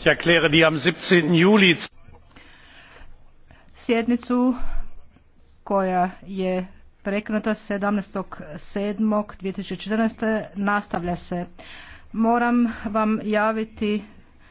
Ich erkläre die am 17. Juli sjednicu koja je prekinuta 17.7.2014. nastavlja se. Moram vam javiti